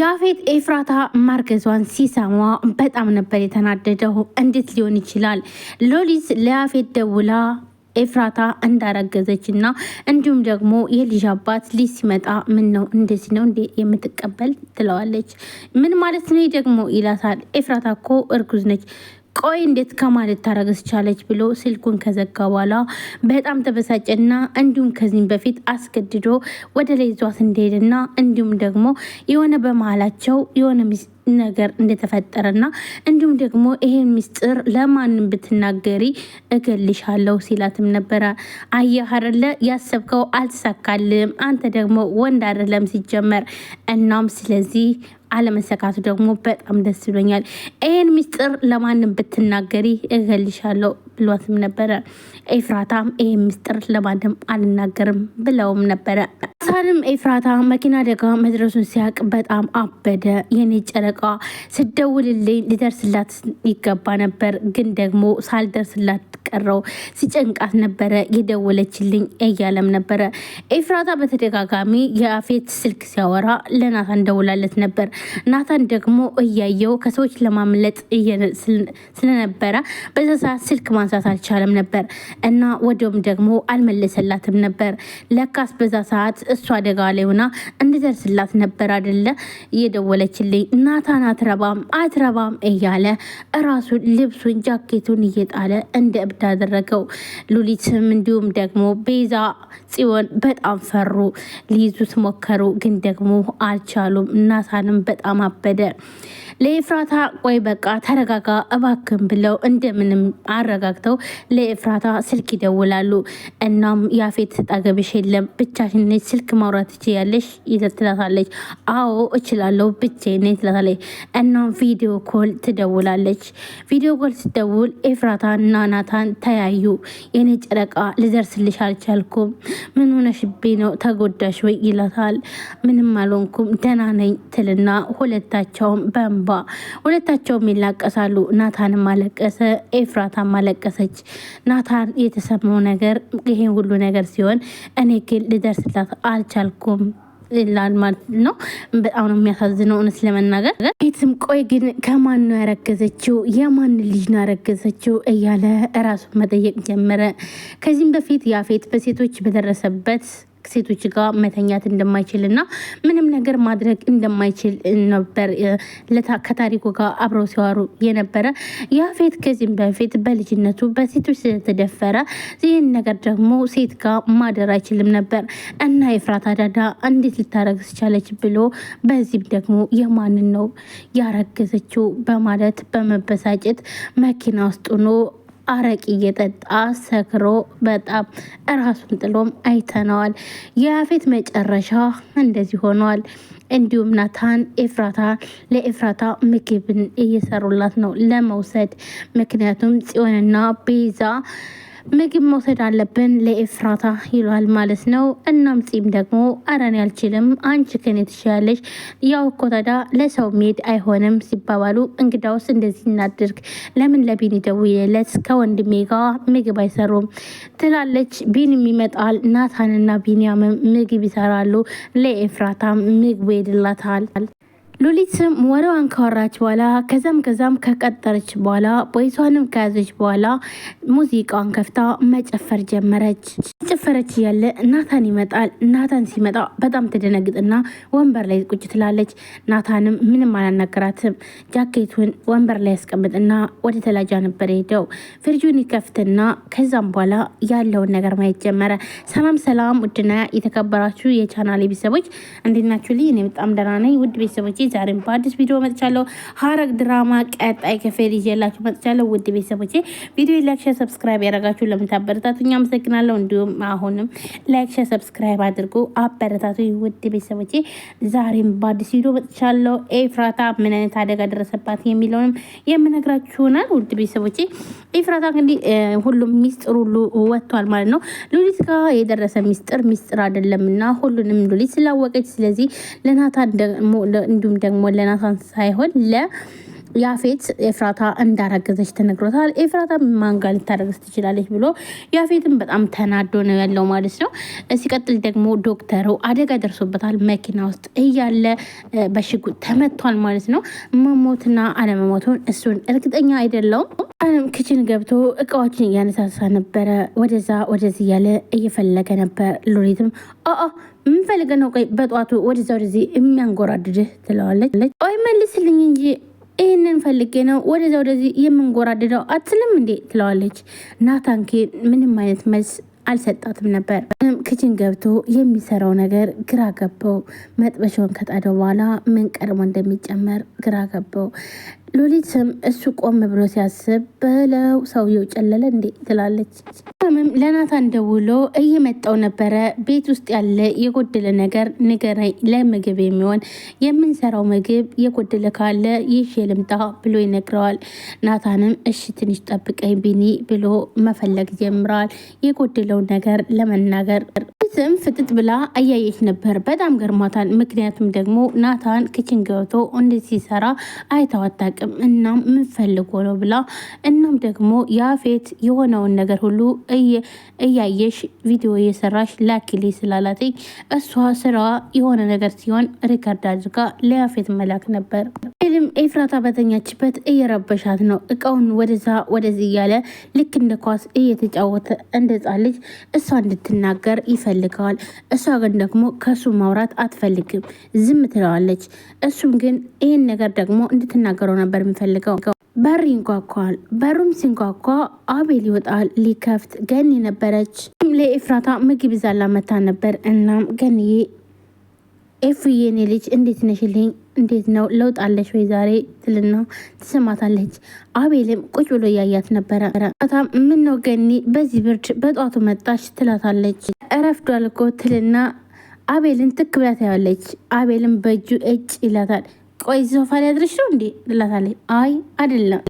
ያፌት ኤፍራታ ማርገዟን ሲሰማ በጣም ነበር የተናደደው። እንዴት ሊሆን ይችላል? ሎሊስ ለያፌት ደውላ ኤፍራታ እንዳረገዘች እና እንዲሁም ደግሞ የልጅ አባት ልጅ ሲመጣ ምን ነው እንደዚ ነው እንዴ የምትቀበል ትለዋለች። ምን ማለት ነው ደግሞ ይላታል። ኤፍራታ እኮ እርጉዝ ነች ቆይ እንዴት ከማለት ታረገስ ቻለች ብሎ ስልኩን ከዘጋ በኋላ በጣም ተበሳጨና እንዲሁም ከዚህም በፊት አስገድዶ ወደ ላይ ይዟት እንደሄደና እንዲሁም ደግሞ የሆነ በመሀላቸው የሆነ ነገር እንደተፈጠረና እንዲሁም ደግሞ ይሄን ምስጢር ለማንም ብትናገሪ እገልሻለሁ ሲላትም ነበረ። አየህ አይደለ ያሰብከው አልተሳካልም፣ አንተ ደግሞ ወንድ አይደለም ሲጀመር። እናም ስለዚህ አለመሰካቱ ደግሞ በጣም ደስ ብሎኛል። ይህን ሚስጥር ለማንም ብትናገሪ እገልሻለሁ ብሏትም ነበረ። ኤፍራታም ይህን ሚስጥር ለማንም አልናገርም ብለውም ነበረ። ሙታንም ኤፍራታ መኪና አደጋ መድረሱን ሲያውቅ በጣም አበደ። የኔ ጨረቃ ስደውልልኝ ሊደርስላት ይገባ ነበር፣ ግን ደግሞ ሳልደርስላት ቀረው ሲጨንቃት ነበረ የደወለችልኝ እያለም ነበረ። ኤፍራታ በተደጋጋሚ የአፌት ስልክ ሲያወራ ለናታን ደውላለት ነበር። ናታን ደግሞ እያየው ከሰዎች ለማምለጥ ስለነበረ በዛ ሰዓት ስልክ ማንሳት አልቻለም ነበር እና ወዲያውም ደግሞ አልመለሰላትም ነበር። ለካስ በዛ ሰዓት እሱ አደጋ ላይ ሆና እንድደርስላት ነበር አደለ እየደወለችልኝ። ናታን አትረባም አትረባም እያለ እራሱ ልብሱን ጃኬቱን እየጣለ እንደ እብድ አደረገው። ሉሊትም እንዲሁም ደግሞ ቤዛ ጽዮን በጣም ፈሩ፣ ሊይዙት ሞከሩ፣ ግን ደግሞ አልቻሉም። ናታንም በጣም አበደ። ለኤፍራታ ቆይ በቃ ተረጋጋ እባክን ብለው እንደምንም አረጋግተው ለኤፍራታ ስልክ ይደውላሉ። እናም ያፌት ጠገብሽ የለም ብቻሽን ነች ስልክ ማውራት ትችያለሽ ትላታለች። አዎ እችላለሁ ብቻዬን ትላታለች። እናም ቪዲዮ ኮል ትደውላለች። ቪዲዮ ኮል ስትደውል ኤፍራታ እና ናታን ተያዩ። የኔ ጨረቃ ልደርስልሽ አልቻልኩም። ምን ሆነሽብኝ ነው ተጎዳሽ ወይ ይላታል። ምንም አልሆንኩም ደህና ነኝ ትልና ሁለታቸውም በእንባ አባ ሁለታቸውም ይላቀሳሉ። ናታንም አለቀሰ፣ ኤፍራታም አለቀሰች። ናታን የተሰማው ነገር ይሄ ሁሉ ነገር ሲሆን እኔ ግን ልደርስላት አልቻልኩም ይላል ማለት ነው። በጣም ነው የሚያሳዝነው። እውነት ለመናገር ቤትም ቆይ ግን ከማን ነው ያረገዘችው? የማን ልጅ ነው ያረገዘችው? እያለ ራሱ መጠየቅ ጀመረ። ከዚህም በፊት ያፌት በሴቶች በደረሰበት ሴቶች ጋር መተኛት እንደማይችል እና ምንም ነገር ማድረግ እንደማይችል ነበር ከታሪኩ ጋር አብረው ሲዋሩ የነበረ። ያፌት ከዚህም በፊት በልጅነቱ በሴቶች ስለተደፈረ ይህን ነገር ደግሞ ሴት ጋር ማደር አይችልም ነበር እና የፍራት አዳዳ እንዴት ልታረግዝ ስቻለች ብሎ በዚህም ደግሞ የማንን ነው ያረገዘችው በማለት በመበሳጨት መኪና ውስጥ ሆኖ አረቂ እየጠጣ ሰክሮ በጣም እራሱን ጥሎም አይተነዋል። የያፌት መጨረሻ እንደዚህ ሆኗል። እንዲሁም ናታን ኤፍራታ ለኤፍራታ ምግብን እየሰሩላት ነው ለመውሰድ ምክንያቱም ጽዮንና ቤዛ ምግብ መውሰድ አለብን ለኤፍራታ ይሏል ማለት ነው። እናም ፂም ደግሞ አረን ያልችልም አንቺ ክን ትችላለች፣ ያው እኮ ታዲያ ለሰው ሜድ አይሆንም ሲባባሉ እንግዳውስ እንደዚህ እናድርግ፣ ለምን ለቢኒ ደውዬለት ከወንድሜ ጋ ምግብ አይሰሩም ትላለች። ቢኒም ይመጣል። ናታንና ቢኒያም ምግብ ይሰራሉ። ለኤፍራታ ምግብ ይድላታል። ሉሊትም ወሬዋን ካወራች በኋላ ከዛም ከዛም ከቀጠረች በኋላ ቦይቷንም ከያዘች በኋላ ሙዚቃዋን ከፍታ መጨፈር ጀመረች። ጨፈረች እያለ ናታን ይመጣል። ናታን ሲመጣ በጣም ትደነግጥና ወንበር ላይ ቁጭ ትላለች። ናታንም ምንም አላናገራትም። ጃኬቱን ወንበር ላይ ያስቀምጥና ወደ ተላጃ ነበር ሄደው ፍርጁን ይከፍትና ከዛም በኋላ ያለውን ነገር ማየት ጀመረ። ሰላም ሰላም፣ ውድና የተከበራችሁ የቻናሌ ቤተሰቦች እንዴት ናችሁ? ልይ እኔ በጣም ደህና ነኝ ውድ ቤተሰቦች ዛሬም በአዲስ ቪዲዮ መጥቻለሁ። ሐረግ ድራማ ቀጣይ ክፍል ይዤላችሁ መጥቻለሁ። ውድ ቤተሰቦቼ ቪዲዮ ላይክ፣ ሸር፣ ሰብስክራይብ ያደረጋችሁ ለምታበረታቱኝ አመሰግናለሁ። እንዲሁም አሁንም ላይክ፣ ሸር፣ ሰብስክራይብ አድርጉ አበረታቱኝ። ውድ ቤተሰቦቼ ዛሬም በአዲስ ቪዲዮ መጥቻለሁ። ኤፍራታ ምን አይነት አደጋ ደረሰባት የሚለውንም የምነግራችሁናል። ውድ ቤተሰቦቼ ኤፍራታ እንግዲህ ሁሉም ሚስጥር ሁሉ ወጥቷል ማለት ነው። ሉሊት ጋር የደረሰ ሚስጥር ሚስጥር አይደለምና ሁሉንም ሉሊት ስላወቀች ስለዚህ ለናታ እንዲሁም ወይም ደግሞ ለናታን ሳይሆን ለ ያፌት ኤፍራታ እንዳረገዘች ተነግሮታል። ኤፍራታ ማንጋ ልታረገዝ ትችላለች ብሎ ያፌትን በጣም ተናዶ ነው ያለው ማለት ነው። ሲቀጥል ደግሞ ዶክተሩ አደጋ ደርሶበታል። መኪና ውስጥ እያለ በሽጉጥ ተመቷል ማለት ነው። መሞትና አለመሞቱን እሱን እርግጠኛ አይደለውም። አለም ክችን ገብቶ እቃዎችን እያነሳሳ ነበረ። ወደዛ ወደዚህ እያለ እየፈለገ ነበር። ሎሊትም ምን ፈልገህ ነው? ቆይ በጠዋቱ ወደዛ ወደዚህ የሚያንጎራድድህ ትለዋለች። ቆይ መልስልኝ እንጂ ይህንን ፈልጌ ነው ወደዛ ወደዚህ የምንጎራድደው አትልም እንዴ? ትለዋለች። ናታንኬ ምንም አይነት መልስ አልሰጣትም ነበር። ክችን ገብቶ የሚሰራው ነገር ግራ ገባው። መጥበሻውን ከጣደው በኋላ ምን ቀድሞ እንደሚጨመር ግራ ገባው። ሎሊትም እሱ ቆም ብሎ ሲያስብ በለው ሰውየው ጨለለ እንዴ ትላለች። ምም ለናታን ደውሎ እየመጣው ነበረ። ቤት ውስጥ ያለ የጎደለ ነገር ንገረኝ፣ ለምግብ የሚሆን የምንሰራው ምግብ የጎደለ ካለ ይዤ ልምጣ ብሎ ይነግረዋል። ናታንም እሺ ትንሽ ጠብቀኝ ቢኒ ብሎ መፈለግ ጀምረዋል። የጎደለው ነገር ለመናገር ስም ፍጥጥ ብላ አያየች ነበር። በጣም ገርሟታል። ምክንያቱም ደግሞ ናታን ክችን ገብቶ እንዴት ሲሰራ አይታዋታቅም። እናም ምን ፈልጎ ነው ብላ እናም ደግሞ ያፌት የሆነውን ነገር ሁሉ እያየሽ ቪዲዮ የሰራሽ ላኪሊ ስላላት እሷ ስራዋ የሆነ ነገር ሲሆን ሪከርድ አድርጋ ለያፌት መላክ ነበር። ሄልም ኤፍራታ በተኛችበት እየረበሻት ነው። እቃውን ወደዛ ወደዚህ እያለ ልክ እንደ ኳስ እየተጫወተ እንደ ሕፃን ልጅ እሷ እንድትናገር ይፈልገዋል። እሷ ግን ደግሞ ከሱ ማውራት አትፈልግም፣ ዝም ትለዋለች። እሱም ግን ይህን ነገር ደግሞ እንድትናገረው ነበር የሚፈልገው። በር ይንኳኳል። በሩም ሲንኳኳ አቤል ይወጣል ሊከፍት። ገኒ ነበረች። ለኤፍራታ ምግብ ይዛላ መታ ነበር። እናም ገኒዬ ኤፍዬ የኔ ልጅ እንዴት ነሽልኝ? እንዴት ነው ለውጥ አለሽ ወይ ዛሬ ትልና ትሰማታለች። አቤልም ቁጭ ብሎ እያያት ነበረ። በጣም ምን ነው ገኒ በዚህ ብርድ በጧቱ መጣሽ ትላታለች። እረፍዷል እኮ ትልና አቤልን ትክ ብላ ታያለች። አቤልም በእጁ እጭ ይላታል። ቆይ ሶፋ ላይ አድርሽ ነው እንዴ ትላታለች። አይ አይደለም